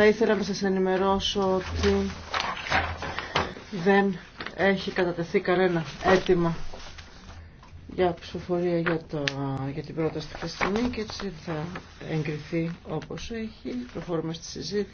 Θα ήθελα να σας ενημερώσω ότι δεν έχει κατατεθεί κανένα αίτημα για ψηφοφορία για, το, για την πρόταση αυτή τη και έτσι θα εγκριθεί όπως έχει. Προχωρούμε στη συζήτηση.